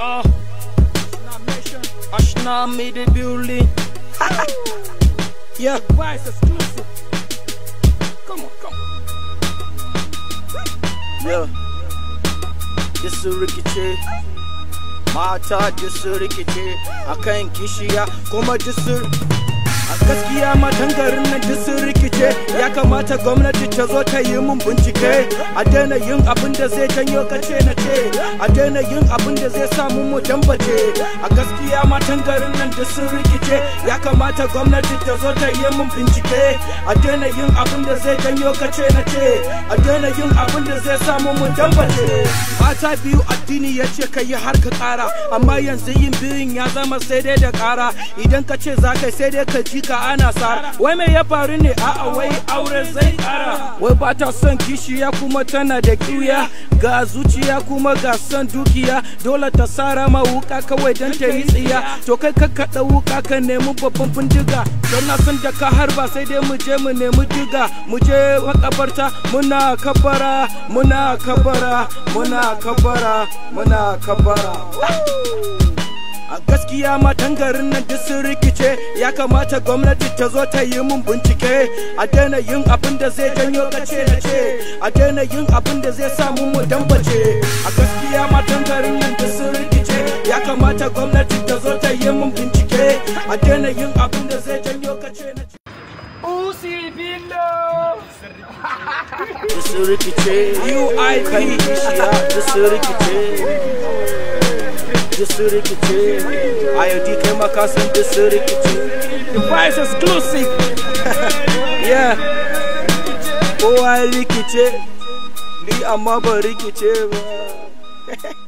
Oh, ah. Ashna Media Building. yeah. Why is exclusive? Come on, come on. Yeah. This is Ricky Tree. My tie, this is Ricky Tree. I can't kiss you out. Come on, this is. gaskiya matan garin nan duk sun rikice ya kamata gwamnati ta zo ta yi mun bincike a daina yin abin da zai janyo kace na ce a daina yin abin da zai samu mu dambace a gaskiya matan garin nan duk sun rikice ya kamata gwamnati ta zo ta yi mun bincike a daina yin abin da zai janyo kace na ce a daina yin abin da zai samu mu dambace mata biyu addini ya ce ka yi har ka kara amma yanzu yin biyun ya zama sai dai da kara idan ka ce za ka sai dai ka ji ka ana sara wai me ya faru ne a wai aure zai kara wai ba ta son kishiya kuma tana da kiwiya ga zuciya kuma ga son dukiya dole ta sara ma wuka kawai don ta yi tsiya to kai ka kaɗa wuka ka nemi babban bindiga don na san da ka harba sai dai mu je mu nemi diga mu je makabarta muna kabara muna kabara muna kabara muna kabara gaskiya matan garin nan duk sun rikice ya kamata gwamnati ta zo ta yi mun bincike a daina yin abin da zai janyo kace da ce a daina yin abin da zai samu mu dambace a gaskiya matan garin nan duk sun rikice ya kamata gwamnati ta zo ta yi mun bincike a daina yin abin da zai janyo kace na ce Usi Billo! Duk sun rikice, UIP, Oh, I que te Aí eu digo uma canção disse que te E faz exclusive Yeah Boa ele que te Me